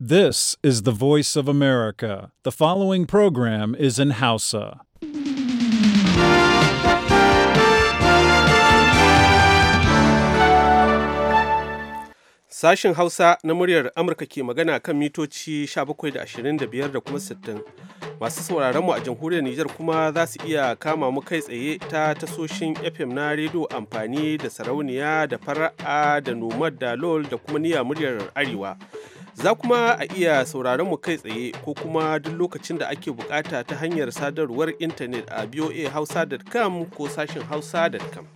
This is the voice of America. The following program is in Hausa. Sashen Hausa na muryar Amurka ke magana kan mitoci 17.25 da kuma 60. Masu sauraron mu a jamhuriyar Nijar kuma za su iya kama mu kai tsaye ta tasoshin FM na rediyo amfani da sarauniya da fara'a da nomad da lol da kuma niya muryar Arewa. Za kuma a iya sauraron mu kai tsaye ko kuma duk lokacin da ake bukata ta hanyar sadarwar intanet a voahausa.com ko sashin hausa.com.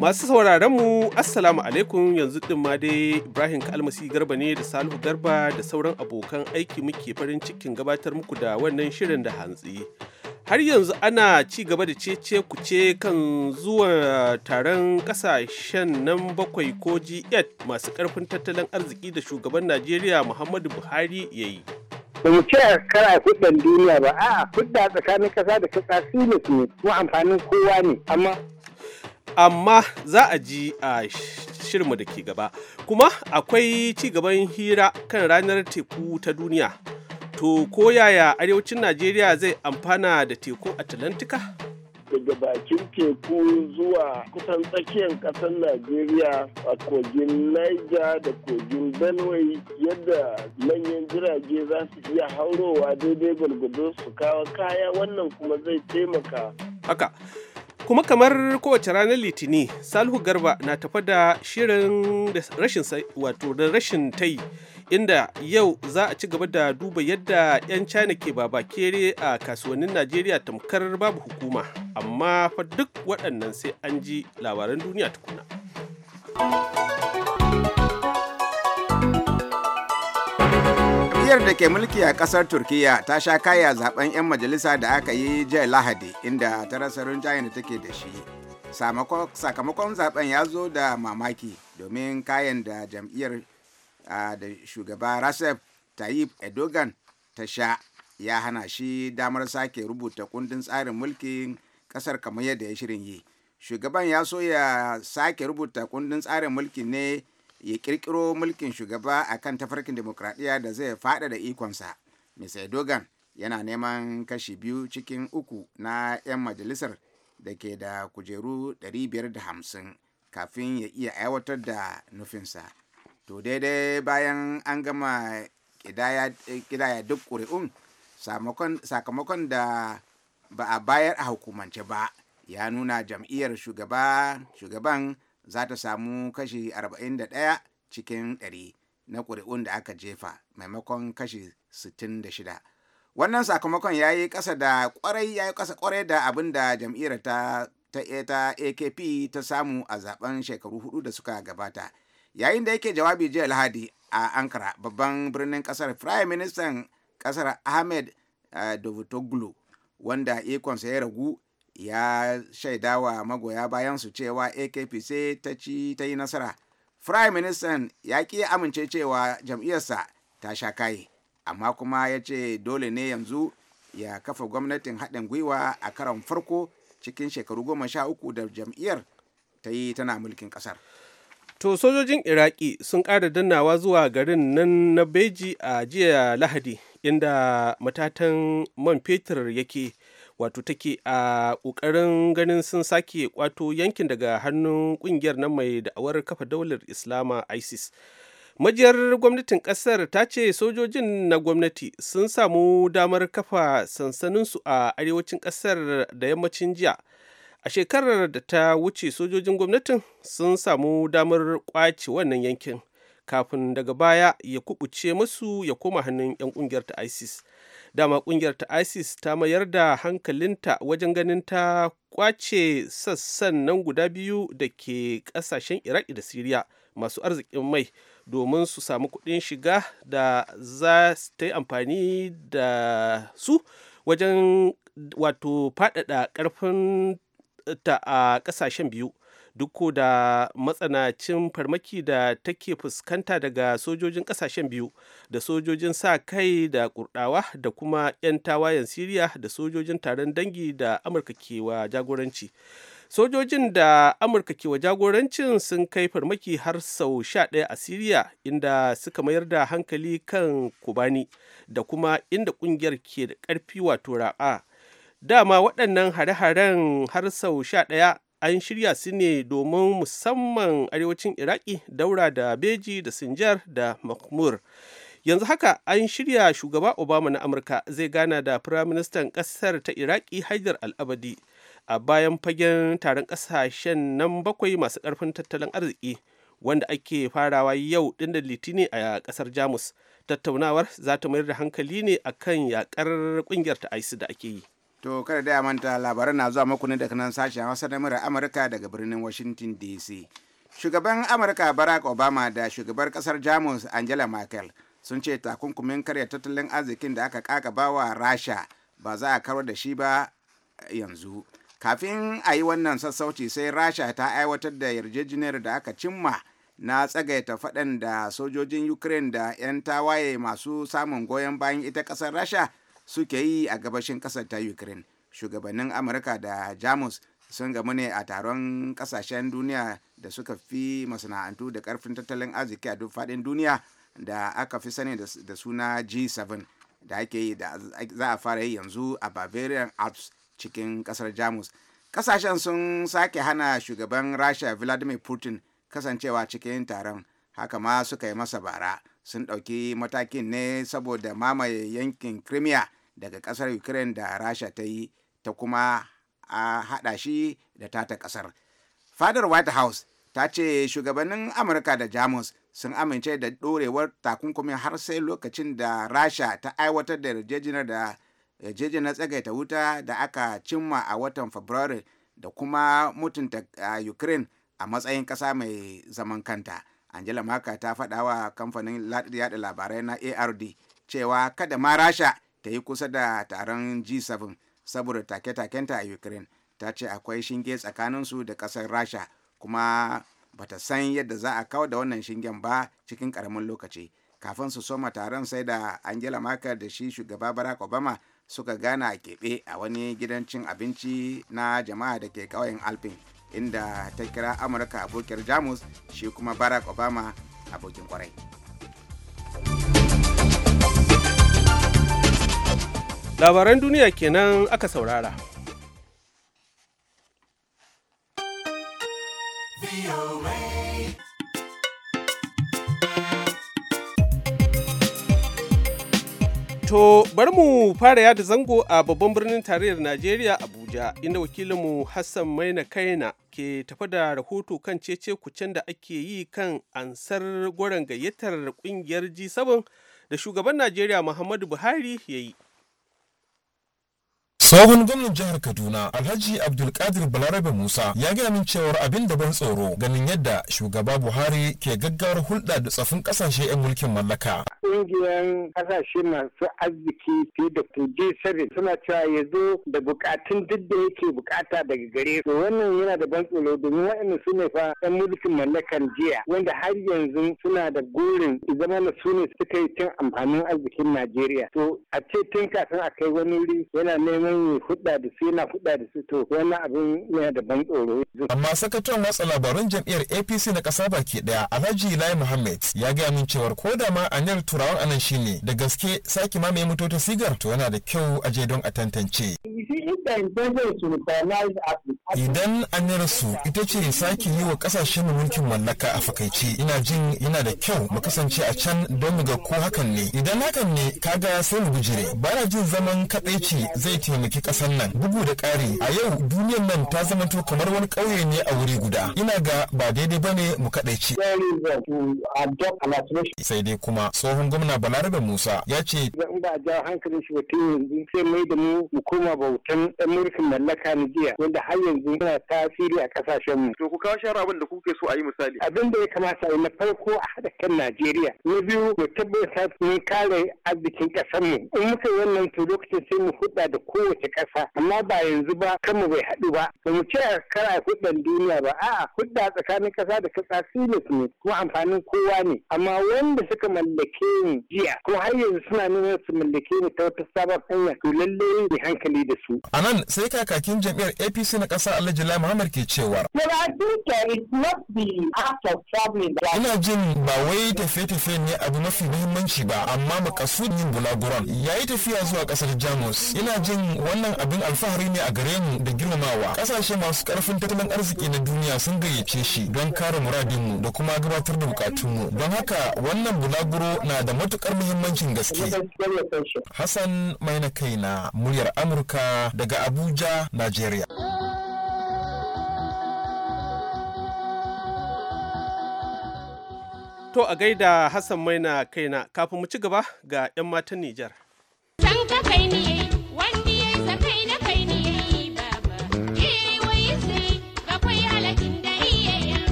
Masu sauraron mu Assalamu alaikum yanzu din ma dai Ibrahim Kalmasi Garba ne da Salihu Garba da sauran abokan aiki muke farin cikin gabatar muku da wannan shirin da hantsi. har yanzu ana ci gaba da cece kuce kan zuwa taron kasashen nan bakwai ko g8 masu karfin tattalin arziki da shugaban najeriya muhammadu buhari ya yi ba mu ce kara a kudin duniya ba a kudda tsakanin kasa da kasa su ne kuma amfanin kowa ne amma amma za a ji a shirmu da ke gaba kuma akwai ci gaban hira kan ranar teku ta duniya To ko yaya arewacin Najeriya zai amfana da tekun Atlantika? daga bakin teku zuwa kusan tsakiyar ƙasar Najeriya a kogin Niger da kogin Benue yadda manyan jirage za su iya haurowa daidai gwargwado su kawo kaya wannan kuma zai taimaka. Haka. Kuma kamar kowace ranar Litini, salhu Garba na tafa da shirin rashin rashin wato da rashin tai. inda yau za a ci gaba da duba yadda 'yan China ke babakere a kasuwannin Najeriya tamkar babu hukuma, amma fa duk waɗannan sai an ji labaran duniya tukuna. jam'iyyar da ke mulki a kasar turkiya ta sha kaya zaben 'yan majalisa da aka yi jiya lahadi inda ta rasa rinjayen da take da shi sakamakon zaben ya zo da mamaki domin kayan da jam'iyyar da shugaba Recep Tayyip Erdogan ta sha ya hana shi damar sake rubuta kundin tsarin mulkin kasar kamar yadda ya shirin yi. Shugaban ya so ya sake rubuta kundin tsarin mulkin ne ya kirkiro mulkin shugaba a kan tafarkin demokradiyya da zai fada da ikonsa. Mr. Erdogan yana neman kashi biyu cikin uku na 'yan majalisar da ke da kujeru 550 kafin ya iya aiwatar da nufinsa. to daidai bayan an gama kidaya duk ƙuri'un sakamakon da ba a bayar a hukumance ba ya nuna jam'iyyar shugaban za ta samu kashi 41 cikin 100 na ƙuri'un da aka jefa maimakon kashi 66 wannan sakamakon ya yi ƙasa da ƙwarai ya yi ƙasa ƙwarai da abin da jam'iyyar ta ta akp ta samu a zaben shekaru hudu da suka gabata yayin da yake jawabi jiya lahadi a ankara babban birnin kasar prime minister kasar ahmed eh, davutoglu wanda ikonsa ya ragu ya shaida wa magoya bayan su cewa akp sai ta ci ta yi nasara prime minister ya ki amince cewa jam'iyyarsa ta sha kaye amma kuma ya ce dole ne yanzu ya kafa gwamnatin haɗin gwiwa a karon farko cikin shekaru goma sha uku da jam'iyyar ta yi tana mulkin ƙasar. to sojojin iraki sun ƙara dannawa zuwa garin nan na beji a jiya lahadi inda matatan man fetur yake wato take a ƙoƙarin ganin sun sake kwato yankin daga hannun ƙungiyar nan mai da'awar kafa daular islama isis majiyar gwamnatin ƙasar ta ce sojojin na gwamnati sun samu damar kafa sansaninsu a arewacin ƙasar da yammacin jiya a shekarar da ta wuce sojojin gwamnatin sun samu damar kwace wannan yankin kafin daga baya ya kubuce masu ya koma hannun 'yan kungiyar ta isis dama kungiyar ta isis ta mayar da hankalinta wajen ganin ta kwace sassan nan guda biyu da ke kasashen iraki da siriya masu arzikin mai domin su samu kuɗin shiga da za su ta yi amfani da su wajen wato faɗaɗa ƙarfin ta a ƙasashen biyu duk da matsanacin farmaki da take fuskanta daga sojojin ƙasashen biyu da sojojin sa kai da kurdawa da kuma 'yan tawayen siriya da sojojin taron dangi da amurka ke jagoranci sojojin da amurka kewa wa jagorancin sun kai farmaki har sau sha ɗaya a siriya inda suka mayar da hankali kan kubani da kuma inda ƙungiyar ke da ƙarfi wato ra'a dama waɗannan hare-haren har sau sha ɗaya an shirya su ne domin musamman arewacin iraki daura da beji da sinjar da makmur yanzu haka an shirya shugaba obama na amurka zai gana da firaministan ƙasar ta iraki haidar al'abadi a bayan fagen taron ƙasashen nan bakwai masu ƙarfin tattalin arziki wanda ake farawa yau ɗin da litini a ƙasar jamus tattaunawar za ta mayar da hankali ne akan yakar ƙungiyar ta isis da ake yi To kada da manta labaran na zuwa muku ne daga nan sashen Hausa na murar Amurka daga birnin Washington DC. Shugaban Amurka Barack Obama da shugabar kasar Jamus Angela Merkel sun ce takunkumin karya tattalin arzikin da aka kaka wa Rasha ba za a kawar da shi ba yanzu. Kafin a yi wannan sassauci sai Rasha ta aiwatar da yarjejeniyar da aka cimma na tsagaita faɗan da sojojin Ukraine da 'yan tawaye masu samun goyon bayan ita ƙasar Rasha suke yi a gabashin kasar ta ukraine shugabannin amurka da jamus sun gamu ne a taron kasashen duniya da suka fi masana'antu da karfin tattalin arziki a duk faɗin duniya da aka fi sani da suna g7 da ake yi da za a fara yi yanzu a bavarian alps cikin kasar jamus kasashen sun sake hana shugaban rasha vladimir putin kasancewa cikin taron haka ma suka yi masa bara sun ɗauki matakin ne saboda mamaye yankin crimea daga kasar ukraine da rasha ta yi ta kuma a haɗa shi da tata ƙasar fadar white house ta ce shugabannin amurka da jamus sun amince da ɗorewar takunkumi har sai lokacin da rasha ta aiwatar da yarjejeniyar da yarjejeniyar tsagaita wuta da aka cimma a watan fabrairu da kuma mutunta ukraine a matsayin kasa mai zaman kanta angela maka ta faɗawa kamfanin yada labarai na ard cewa kada ma rasha ta yi kusa da taron G7 saboda take-takenta a Ukraine ta ce akwai shinge tsakaninsu da ƙasar Rasha kuma ba ta san yadda za a kawo da wannan shingen ba cikin ƙaramin lokaci. Kafin su soma taron sai da Angela Merkel da shi shugaba Barack Obama suka gana a keɓe a wani gidan cin abinci na jama'a da ke ƙauyen Alpin inda ta kira Amurka abokin Jamus shi kuma Barack Obama abokin kwarai. labaran duniya kenan aka saurara To bari mu fara yada zango a babban birnin tarayyar Najeriya Abuja inda wakilinmu Hassan Maina Kaina ke tafa da rahoto kan cece kucen da ake yi kan ansar gwaran gayyatar kungiyar G7 da shugaban Najeriya Muhammadu Buhari ya yi. tsohon gwamnan jihar kaduna alhaji abdulkadir balarabe musa ya gaya min cewar abin da ban tsoro ganin yadda shugaba buhari ke gaggawar hulɗa da tsafin ƙasashe 'yan mulkin mallaka ƙungiyar ƙasashe masu arziki fiye da g7 suna cewa ya zo da bukatun duk da yake bukata daga gare su wannan yana da ban tsoro domin waɗanda su ne fa 'yan mulkin mallakan jiya wanda har yanzu suna da gurin zama na su ne suka yi cin amfanin arzikin najeriya to a ce tun kafin a kai wani wuri yana neman hudda da su yana hudda da su to abin ne da ban tsoro. Amma sakataren watsa labarun jam'iyyar APC na ƙasa baki daya Alhaji Lai Muhammad ya gaya min cewar ko da ma aniyar turawan anan shine da gaske sake mamaye mutota sigar to yana da kyau a je don a tantance. Idan aniyar su ita ce sake yi wa ƙasashen mulkin mallaka a fakaici ina jin yana da kyau mu kasance a can don mu ga ko hakan ne. Idan hakan ne kaga sai mu bijire ba jin zaman kaɗaici zai taimaka Bikin kasar nan bugu da ƙari a yau duniyar nan ta zamanto kamar wani ƙauye ne a wuri guda ina ga ba daidai bane mu kaɗaici. sai dai kuma tsohon gwamna balarabe musa ya ce in ba a jawo hankalin shi mutum yanzu sai mai da mu mu koma bautan ɗan mulkin mallaka na jiya wanda har yanzu yana tasiri a ƙasashen mu. to ku kawo shara abin da kuke so a yi misali. abin da ya kamata a yi na farko a haɗa kan najeriya na biyu mu tabbata mun kare arzikin ƙasar mu in muka yi wannan to lokacin sai mu huɗa da kowace kowace ƙasa amma ba yanzu ba kama bai haɗu ba ba mu ce kara kudan duniya ba a'a hudda tsakanin ƙasa da ƙasa su ne kuma amfanin kowa ne amma wanda suka mallake ni jiya ko har yanzu suna nuna su mallake ni ta wata sabon hanya to lallai ne hankali da su. a nan sai kakakin jam'iyyar apc na ƙasa alhaji lai muhammad ke cewar. ina jin ba wai tafiye-tafiye ne abu mafi muhimmanci ba amma makasudin yin bulaguran yayi tafiya zuwa ƙasar jamus ina jin wannan abin alfahari ne a gare mu da girmamawa kasashe masu karfin tattalin arziki na duniya sun gayyace shi don kare muradinmu da kuma gabatar da bukatunmu don haka wannan bulaguro na da matukar muhimmancin gaske hassan mai na kaina muryar amurka daga abuja nigeria To a gaida Hassan Maina kaina kafin mu ci gaba ga 'yan matan Nijar. Can ka kai ni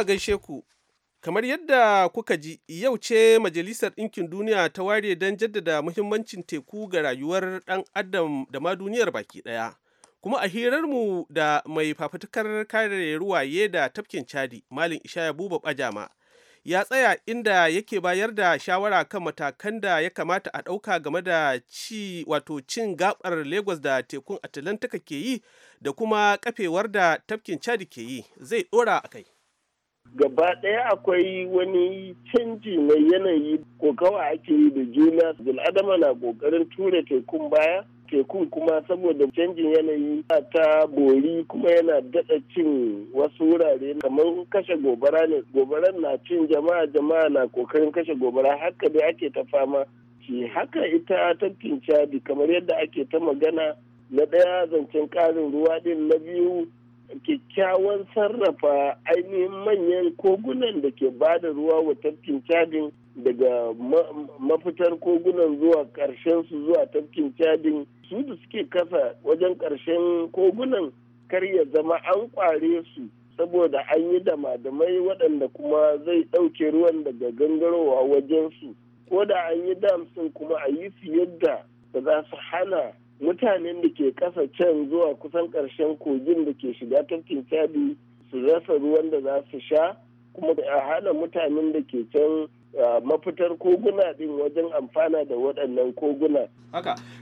a gaishe ku. Kamar yadda kuka ji, yau ce Majalisar Ɗinkin Duniya ta ware don jaddada muhimmancin teku ga rayuwar ɗan adam da ma duniyar baki ɗaya. Kuma a hirarmu da mai fafutukar kare ruwaye da tafkin Chadi, Malin Ishaya Buba Bajama, ya tsaya inda yake bayar da shawara kan matakan da ya kamata a ɗauka game da ci wato cin gabar Lagos da tekun Atlantika ke yi da kuma kafewar da tafkin Chadi ke yi zai ɗora a kai. gaba ɗaya akwai wani canji na yanayi kokawa ake yi da juna bil'adama na ƙoƙarin tura tekun baya tekun kuma saboda canjin yanayi ta bori kuma yana daɗa cin wasu wurare kamar kashe gobara ne gobaran na cin jama'a jama'a na ƙoƙarin kashe gobara haka dai ake ta fama ki haka ita ta cadi kamar yadda ake ta magana na ɗaya zancen ƙarin ruwa ɗin na biyu kyakkyawan sarrafa ainihin manyan kogunan da ke ba da ruwa wa tafkin cadin daga mafitar kogunan zuwa ƙarshen su zuwa tafkin cadin su da suke kasa wajen ƙarshen kogunan kar ya zama an kware su saboda an yi damadamai waɗanda kuma zai ɗauke ruwan daga gangarowa wajen su ko da an yi damsin kuma a yi su yadda da za su hana mutanen da ke ƙasa can zuwa kusan ƙarshen kogin da ke shiga tafkin chadi su rasa ruwan da za su sha kuma a hana mutanen da ke can mafitar koguna din wajen amfana da waɗannan koguna.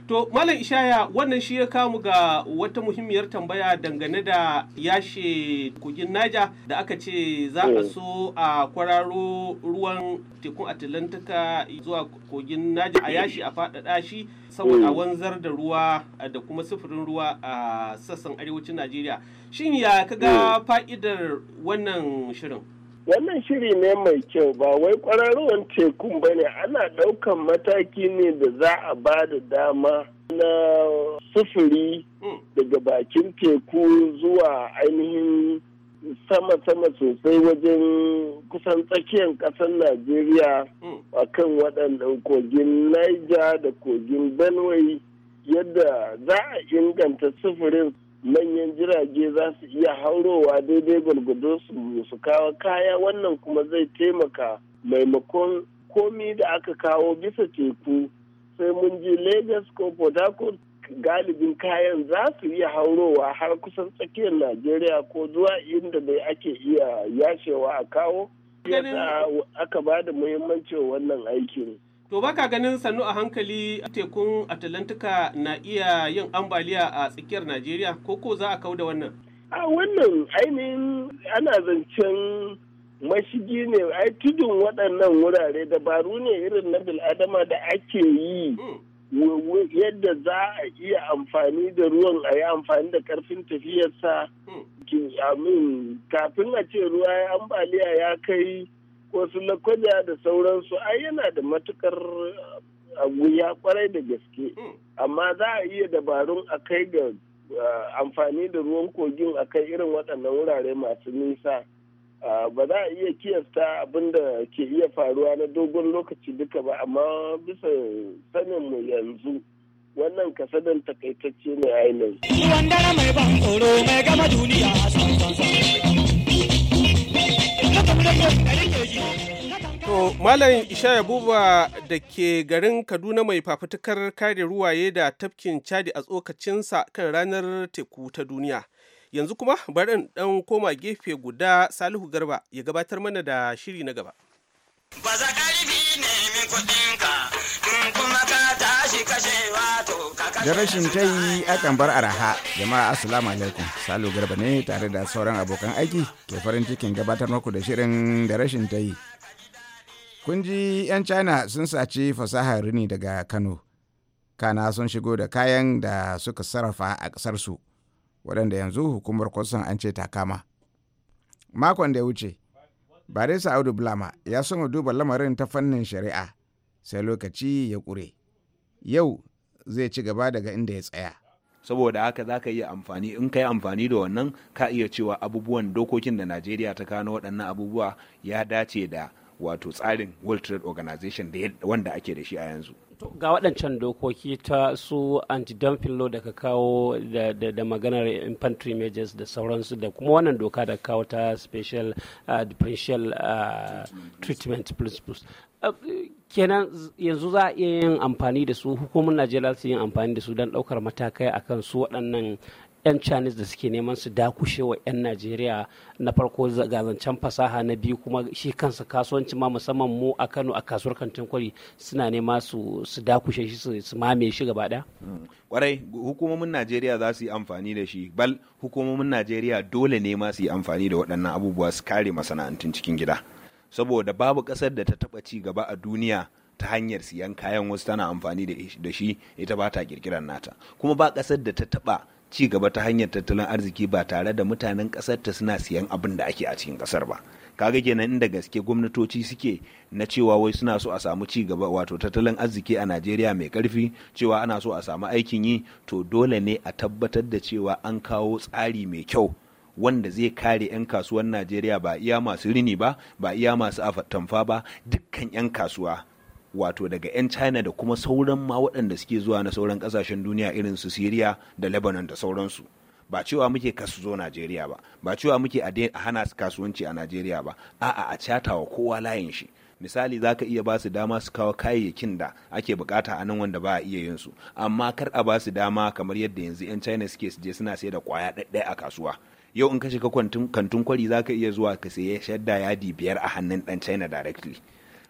To Malam Ishaya wannan shi ya kamu ga wata muhimmiyar tambaya dangane da yashe kogin Naja da aka ce za a hmm. so a kwararo ruwan tekun Atlantika zuwa kogin Naja a yashi a faɗaɗa shi saboda hmm. wanzar da ruwa da kuma sufurin ruwa a sassan arewacin Najeriya. Shin ya kaga hmm. fa'idar wannan shirin? wannan shiri ne mai kyau ba wai kwararowar tekun ba ne ana ɗaukan mataki ne da za a ba da dama na sufuri daga bakin teku zuwa ainihin sama-sama sosai wajen kusan tsakiyar ƙasar najeriya a kan waɗannan kogin niger da kogin benue yadda za a inganta sufurin manyan jirage za su iya haurowa daidai gwargwado su kawo kaya wannan kuma zai taimaka maimakon komi da aka kawo bisa teku sai mun ji lagos ko port harcourt galibin kayan za su iya haurowa har kusan tsakiyar najeriya ko zuwa inda bai ake iya yashewa a kawo aka ba da muhimmancin wannan aikin To baka ganin sannu a hankali tekun atlantika na iya yin ambaliya a tsakiyar Najeriya ko ko za a kau da wannan? A wannan ainihin ana zancen mashigi ne ai tudun waɗannan wurare dabaru ne irin na bil'adama da ake yi hmm. yadda za a iya amfani da ruwan a yi amfani da karfin tafiyarsa hmm. kafin a ce ruwa ambaliya ya kai wasu lakwaja da sauransu ai yana da matukar wuya kwarai da gaske hmm. amma za a iya dabarun a kai ga amfani da ruwan kogin a kai irin waɗannan wurare masu nisa ba za a iya kiyasta abin da ke iya faruwa na dogon lokaci duka ba amma bisa sanin mu yanzu wannan kasadan takaitacce ne ainihin. mai ban mai gama duniya a san To Malam Ishaya Buba da ke garin Kaduna mai fafutukar kare ruwaye da tafkin Chadi a tsokacinsa kan ranar teku ta duniya. Yanzu kuma barin in ɗan koma gefe guda Salihu Garba ya gabatar mana da shiri na gaba. Da rashin ta yi akan bar araha, jama'a assalamu alaikum. Salo Garba ne tare da sauran abokan aiki ke farin cikin gabatar muku da shirin da rashin ta yi. Kun ji 'yan China sun saci fasahar rini daga Kano. Kana sun shigo da kayan da suka sarrafa a ƙasarsu, waɗanda yanzu hukumar kwasan an ce ta kama. Makon da ya wuce, barisa audu blama ya so duba lamarin ta fannin shari'a sai lokaci ya ƙure yau zai ci gaba daga inda ya tsaya saboda haka za ka iya amfani in ka yi amfani da wannan ka iya cewa abubuwan dokokin da najeriya ta kano waɗannan abubuwa ya dace da wato tsarin World Trade Organization wanda ake da shi a yanzu. ga waɗancan dokoki ta su anti-dumping law da ka kawo da, maganar infantry majors da sauransu da kuma wannan doka da kawo ta special uh, differential uh, treatment principles uh, kenan yanzu za a iya yin amfani da su hukumar najeriya su yin amfani da su don ɗaukar matakai akan su waɗannan 'yan chinese da suke neman su dakushe wa 'yan najeriya na farko zancen fasaha na biyu kuma shi kansa kasuwanci ma musamman mu a kano a kasuwar kantin kwari suna nema su dakushe shi su mame shi gaba daya mm. kwarai hukumomin najeriya za su yi amfani da shi bal hukumomin najeriya dole ne ma su yi amfani da waɗannan abubuwa su kare masana'antun cikin gida saboda babu ƙasar da ta taɓa ci gaba a duniya ta hanyar siyan kayan wasu tana amfani da shi ita ba ta kirkirar nata kuma ba ƙasar da ta taɓa ci gaba ta hanyar tattalin arziki ba tare da mutanen kasar ta suna siyan abin da ake a cikin ƙasar ba kaga kenan inda gaske gwamnatoci suke na cewa wai suna so a samu ci gaba wato tattalin arziki a najeriya mai karfi cewa ana so a samu aikin yi to dole ne a tabbatar da cewa an kawo tsari mai kyau wanda zai kare 'yan kasuwan najeriya ba iya masu rini ba ba iya masu atamfa ba dukkan 'yan kasuwa wato daga 'yan china da kuma sauran ma waɗanda suke zuwa na sauran kasashen duniya irin su syria da lebanon da sauransu ba cewa muke kasu zo najeriya ba ba cewa muke a hana su kasuwanci a najeriya ba a'a a catawa kowa layin shi misali za ka iya ba su dama su kawo kayayyakin da ake bukata a nan wanda ba a iya yin su amma kar a ba su dama kamar yadda yanzu 'yan china suke su je suna sai da kwaya ɗaɗɗaya a kasuwa yau in ka shiga kantun kwari za ka iya zuwa ka sayi shadda yadi biyar a hannun ɗan china directly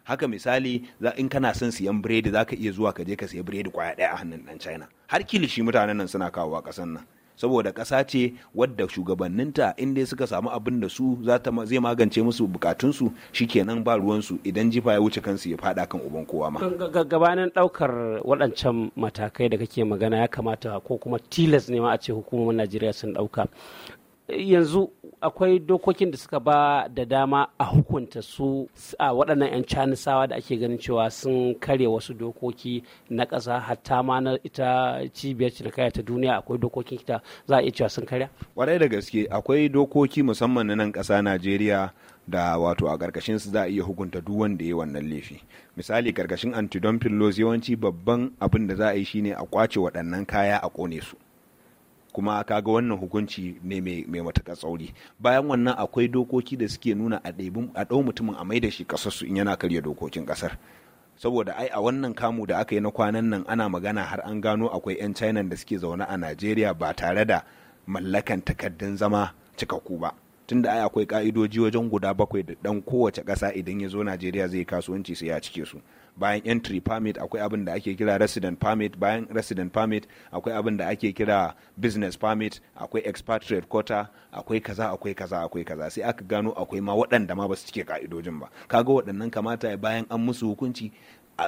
haka misali in kana son siyan biredi zaka iya zuwa ka je ka siya biredi kwaya daya a hannun dan china har kilishi mutanen nan suna kawo a kasan nan saboda ƙasa ce wadda shugabanninta in dai suka samu abin da su zai magance musu bukatunsu shikenan ba ruwansu idan jifa ya wuce kansu ya fada kan uban kowa ma gabanin daukar waɗancan matakai da kake magana ya kamata ko kuma tilas ne ma a ce hukumomin najeriya sun ɗauka yanzu akwai dokokin da suka ba da dama a hukunta su a waɗannan 'yan canisawa da ake ganin cewa sun kare wasu dokoki na ƙasa hatta ma na ita cibiyar cinikaya ta duniya akwai dokokin kita za a iya cewa sun karya kwarai da gaske akwai dokoki musamman na nan ƙasa najeriya da wato a ƙarƙashin su za a iya hukunta duk wanda ya wannan laifi misali ƙarƙashin antidompin laws yawanci babban abin da za a yi shine a kwace waɗannan kaya a ƙone su kuma kaga wannan hukunci ne mai matuƙar tsauri bayan wannan akwai dokoki da suke nuna a ɗau mutumin a mai da shi su in yana karya dokokin ƙasar saboda ai a wannan kamu da aka yi na kwanan nan ana magana har an gano akwai 'yan china da suke zaune a najeriya ba tare da mallakan takardun zama cikakku ba tunda ai akwai ka'idoji wajen guda bakwai da ɗan kowace ƙasa idan ya zo najeriya zai kasuwanci sai ya cike su bayan entry permit akwai abin da ake kira resident permit bayan resident permit akwai abin da ake kira business permit akwai expatriate quota akwai kaza akwai kaza akwai kaza sai aka gano akwai ma waɗanda ma ba su cike ka'idojin ba kaga waɗannan kamata bayan an musu hukunci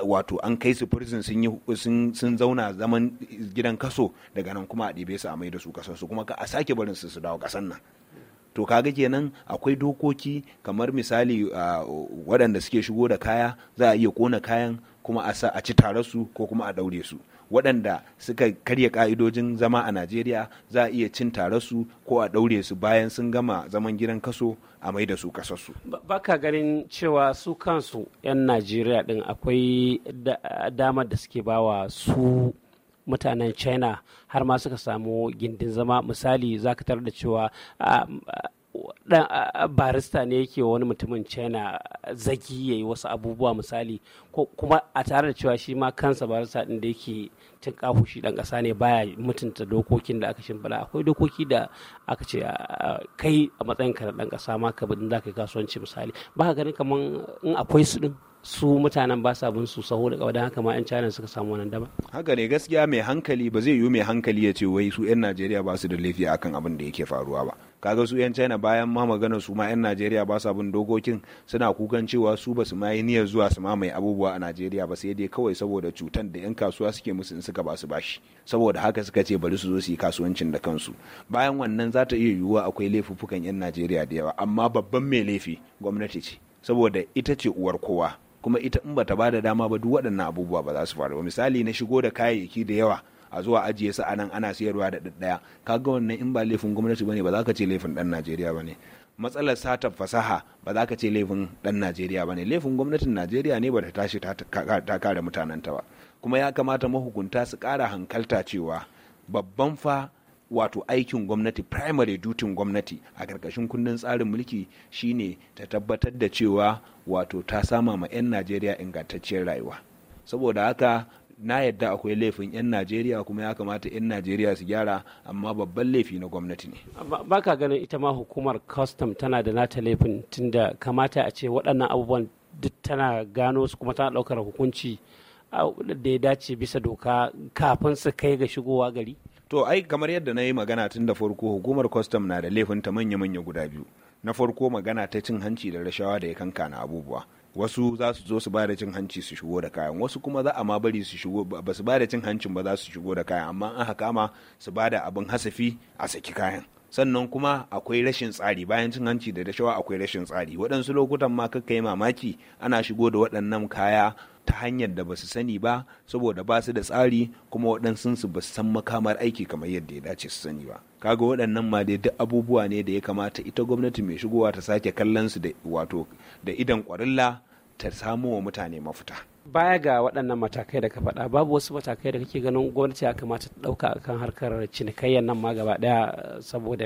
wato an kai su prison sun zauna zaman gidan kaso daga nan kuma a ɗebe su a mai da su kasar su kuma ka a sake barin su su dawo kasan nan to kaga kenan akwai dokoki kamar misali waɗanda suke shigo da kaya za a iya kona kayan kuma a ci tare su ko kuma a ɗaure su waɗanda suka karya ka'idojin zama a najeriya za a iya cin tare su ko a ɗaure su bayan sun gama zaman gidan kaso a mai da su kasarsu. baka ganin cewa su kansu 'yan najeriya ɗin akwai damar da suke bawa su mutanen china har ma suka samu gindin zama misali ka tarar da cewa dan barista ne yake wani mutumin china zaki ya yi wasu abubuwa misali kuma a tare da cewa shi ma kansa barista din da yake cin kafu shi dan kasa ne baya mutunta dokokin da aka shimfiɗa akwai dokoki da aka ce kai a matsayin ka dan kasa ma ka bin za ka yi kasuwanci misali ba ka ganin kamar in akwai su din su mutanen ba sa bin su saho da kawai haka ma 'yan china suka samu wannan daba. haka ne gaskiya mai hankali ba zai yiwu mai hankali ya ce wai su 'yan najeriya ba su da laifi akan abin da yake faruwa ba kaga su 'yan china bayan ma magana su ma 'yan najeriya ba sa bin dokokin suna kukan cewa su ba su ma yi niyyar zuwa su mai abubuwa a najeriya ba sai dai kawai saboda cutan da 'yan kasuwa suke musu in suka ba su bashi saboda haka suka ce bari su zo su yi kasuwancin da kansu bayan wannan za ta iya yiwuwa akwai laifuffukan 'yan najeriya da yawa amma babban mai laifi gwamnati ce saboda ita ce uwar kowa kuma ita in ba ta ba da dama ba duk waɗannan abubuwa ba za su faru ba misali na shigo da kayayyaki da yawa a zuwa ajiye su a nan ana sayarwa da ɗaya kaga wannan in ba laifin gwamnati bane ba za ka ce laifin ɗan Najeriya bane matsalar satar fasaha ba za ka ce laifin ɗan Najeriya bane laifin gwamnatin Najeriya ne ba ta tashi ta kare mutanenta ba kuma ya kamata mahukunta su ƙara hankalta cewa babban fa wato aikin gwamnati primary duty gwamnati a ƙarƙashin kundin tsarin mulki shine ta tabbatar da cewa wato ta sama ma 'yan najeriya ingantacciyar rayuwa saboda haka na yadda akwai laifin 'yan najeriya kuma ya kamata 'yan najeriya su gyara amma babban laifi na gwamnati ne ba ka ganin ita ma hukumar custom tana da nata laifin tunda kamata a ce waɗannan abubuwan duk tana gano su kuma tana ɗaukar hukunci da ya dace bisa doka kafin su kai ga shigowa gari to ai kamar yadda na yi magana tun da farko hukumar kwastam na da laifin ta manya-manya guda biyu na farko magana ta cin hanci da rashawa da ya kanka na abubuwa wasu za su zo su ba da cin hanci su shigo da kayan wasu kuma za a ma bari su shigo ba su ba da cin hancin ba za su shigo da kayan amma an haka ma su ba da abin hasafi a saki kayan sannan kuma akwai rashin tsari bayan cin hanci da dashawa akwai rashin tsari waɗansu lokutan ma kakka yi mamaki ana shigo da waɗannan kaya ta hanyar da basu sani ba saboda ba su da tsari kuma waɗansu su ba san makamar aiki kamar yadda ya dace su sani ba kaga waɗannan ma dai duk abubuwa ne da ya kamata ita gwamnati mai shigowa ta sake kallon su da wato da idan kwarilla ta samo wa mutane mafita baya ga waɗannan matakai da ka faɗa babu wasu matakai da kake ganin gwamnati ya kamata ta ɗauka a kan harkar cinikayyar nan ma gaba ɗaya saboda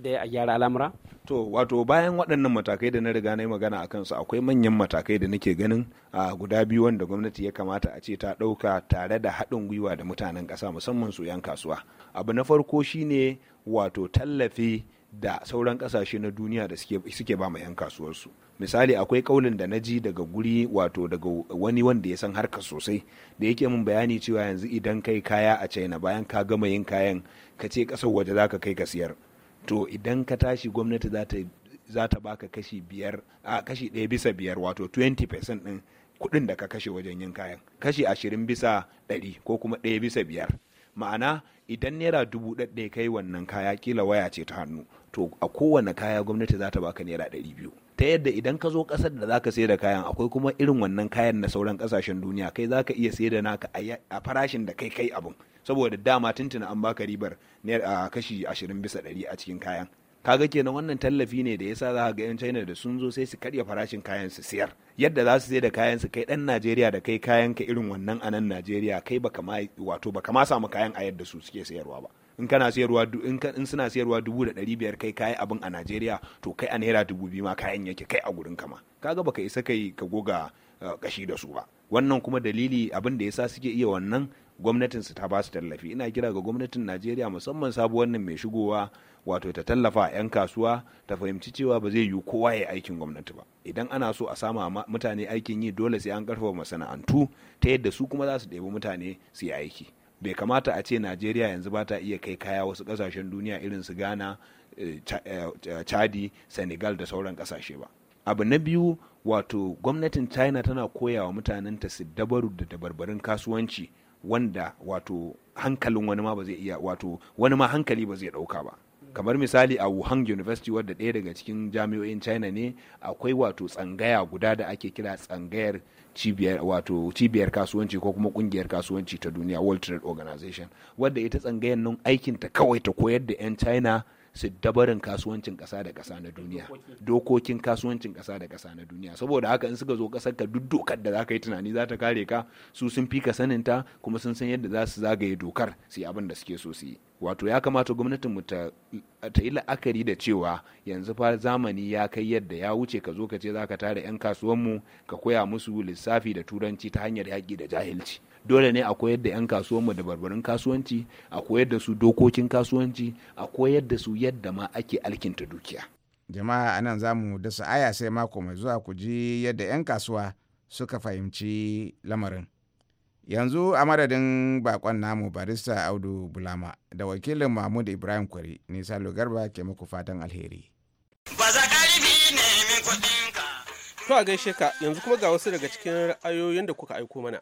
da a gyara al'amura? To wato bayan waɗannan matakai da na riga na yi magana a kansu akwai manyan matakai da nake ganin a guda biyu wanda gwamnati ya kamata a ce ta ɗauka tare da haɗin gwiwa da mutanen ƙasa musamman su 'yan kasuwa. Abu na farko shine wato tallafi da sauran ƙasashe na duniya da suke ba ma 'yan kasuwarsu. misali akwai kaulin da na ji daga guri wato daga wani wanda ya san harka sosai da yake min bayani cewa yanzu idan kai kaya a china bayan ka gama yin kayan ka ce kasar waje za ka kai ka siyar to idan ka tashi gwamnati za ta baka kashi biyar a kashi ɗaya bisa biyar wato 20% ɗin kuɗin da ka kashe wajen yin kayan kashi ashirin bisa ɗari ko kuma ɗaya bisa biyar ma'ana idan naira dubu ɗaɗɗe kai wannan kaya kila waya ce ta hannu to a kowane kaya gwamnati za ta baka naira ɗari biyu ta yadda idan ka zo kasar da zaka sayar da kayan akwai kuma irin wannan kayan na sauran kasashen duniya kai za ka iya sayar da naka a farashin da kai kai abun saboda dama tuntuna an baka ribar a kashi ashirin bisa ɗari a cikin kayan kaga kenan wannan tallafi ne da yasa za ga yan China da sun zo sai su karya farashin kayan su siyar yadda za su sayar da kayan su kai dan Najeriya da kai kayan ka irin wannan a nan Najeriya kai baka ma wato baka ma samu kayan a yadda su suke sayarwa ba in kana sayarwa in suna siyarwa dubu da ɗari biyar kai kayi abin a najeriya to kai a naira dubu biyu ma kayan yake kai a gurin kama kaga baka isa kai ka goga kashi eh, da su ba wannan kuma dalili abin da yasa suke iya wannan gwamnatin su ta ba su tallafi ina kira ga gwamnatin najeriya musamman sabuwar nan mai shigowa wato ta tallafa 'yan kasuwa ta fahimci cewa ba zai yi kowa ya aikin gwamnati ba idan ana so a sama mutane aikin yi dole sai an karfafa masana'antu ta yadda su kuma za su ɗebi mutane su yi aiki bai kamata a ce najeriya yanzu ba ta iya kai kaya wasu kasashen duniya irin su ghana eh, eh, eh, chadi senegal da sauran kasashe ba abu na biyu wato gwamnatin china tana koya wa mutanenta su dabaru da dabarbarin kasuwanci wanda wato hankalin wani ma ba zai iya wato wani ma hankali ba zai dauka ba kamar misali a wuhan university wadda ɗaya daga cikin jami'o'in china ne akwai wato tsangaya guda da ake kira tsangayar cibiyar wato cibiyar kasuwanci ko kuma kungiyar kasuwanci ta duniya world trade organization wadda ita tsangayar nan aikinta kawai ta koyar da 'yan china su dabarin kasuwancin kasa da ƙasa na duniya dokokin kasuwancin ƙasa da ƙasa na duniya saboda haka in suka zo kasar ka duk dokar da za ka yi tunani za ta kare ka su sun fi ka sanin ta kuma sun san yadda za su zagaye dokar su yi abin da suke so su yi wato ya kamata gwamnatin mu ta yi la'akari da cewa yanzu fa zamani ya kai yadda ya wuce ka zo ka ce za ka tara 'yan kasuwanmu ka koya musu lissafi da turanci ta hanyar yaƙi da jahilci dole ne a koyar da 'yan kasuwanmu da barbarin kasuwanci a koyar da su dokokin kasuwanci a koyar da su yadda ma ake alkinta dukiya jama'a anan za mu dasa aya sai mako mai zuwa ku ji yadda 'yan kasuwa suka fahimci lamarin yanzu a madadin bakon namu barista audu bulama da wakilin mahmud ibrahim kwari nisa garba ke muku fatan alheri to a gaishe ka yanzu kuma ga wasu daga cikin ra'ayoyin da kuka aiko mana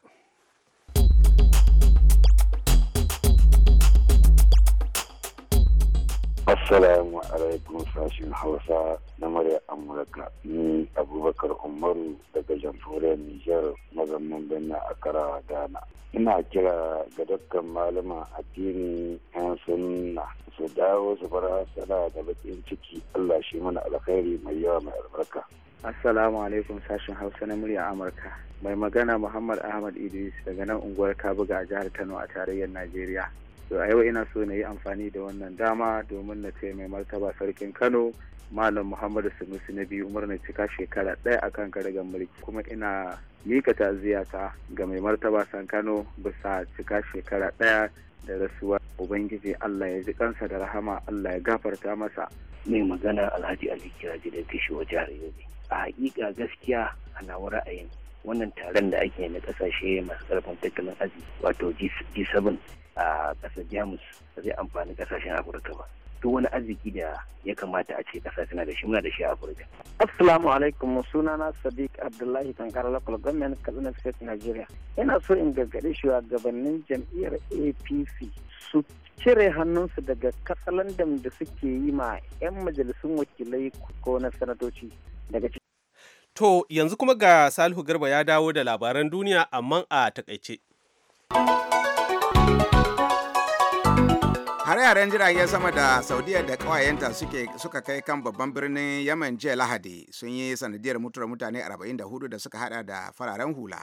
Assalamu alaikum sashen Hausa na murya Amurka. Ni Abubakar Umaru daga jamhuriyar Nijar mazamman birni a kara Ghana. Ina kira ga dukkan malama addini 'yan sunna su dawo su bar hasala da bakin ciki Allah shi mana alkhairi mai yawa mai albarka. Assalamu alaikum sashen Hausa na murya Amurka. Mai magana Muhammad Ahmad Idris daga nan unguwar Kabuga a jihar Kano a tarayyar Najeriya. to a yau ina so na yi amfani da wannan dama domin na ce mai martaba sarkin kano malam muhammadu sunusi na biyu umar cika shekara ɗaya a kan karagar mulki kuma ina mika ta'aziyata ga mai martaba san kano bisa cika shekara ɗaya da rasuwa ubangiji allah ya ji kansa da rahama allah ya gafarta masa mai magana alhaji ali kiraji da kishi wa jihar yobe a hakika gaskiya ana ra'ayin wannan taron da ake na kasashe masu karfin tattalin arziki wato g7 a ƙasar jamus ba zai amfani ƙasashen afirka ba duk wani arziki da ya kamata a ce kasa suna da shi muna da shi a afirka assalamu alaikum sunana sadiq abdullahi tankara local government kaduna state nigeria ina so in gargaɗe shugabannin jam'iyyar apc su cire hannunsu daga katsalandan da suke yi ma 'yan majalisun wakilai ko na sanatoci daga To yanzu kuma ga Salihu Garba ya dawo da labaran duniya amma a takaice. hare-haren jiragen sama da saudiya da kawayenta suka kai kan babban birnin yaman jiya lahadi sun yi sanadiyar mutuwar mutane 44 da suka hada da fararen hula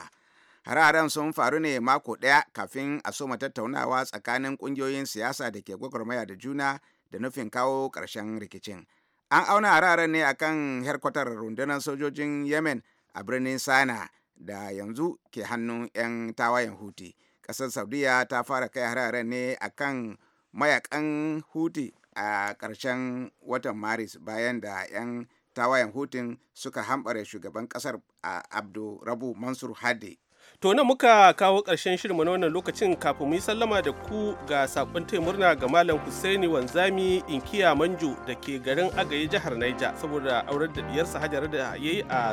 hare-haren sun faru ne mako daya kafin a soma tattaunawa tsakanin kungiyoyin siyasa da ke gwagwarmaya da juna da nufin kawo karshen rikicin an auna hare-haren ne akan herkwatar rundunar sojojin yemen a birnin sana da yanzu ke hannun 'yan tawayen huti ƙasar saudiya ta fara kai hare-haren ne akan mayakan huti a ƙarshen watan maris bayan da 'yan tawayen hutun suka hambare shugaban ƙasar a abdu rabu mansur hadi To nan muka kawo ƙarshen shirin na wannan lokacin kafin mu yi sallama da ku ga sakon taimurna murna ga Malam Husaini Wanzami Inkiya Manjo da ke garin Agaye jihar Naija saboda aurar da diyarsa hajjar da yi a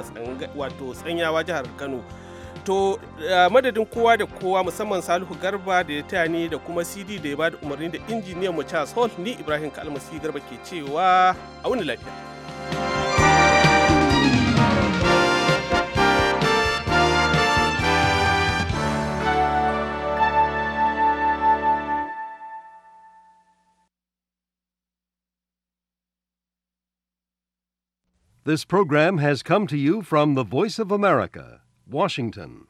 wato tsanyawa jihar Kano. to madadin kowa da kowa musamman salihu garba da ya taya ni da kuma cd da ya bada umarni da injiniyan mu charles hall ni ibrahim kalmasi garba ke cewa a wani lafiya This program has come to you from the Voice of America. Washington.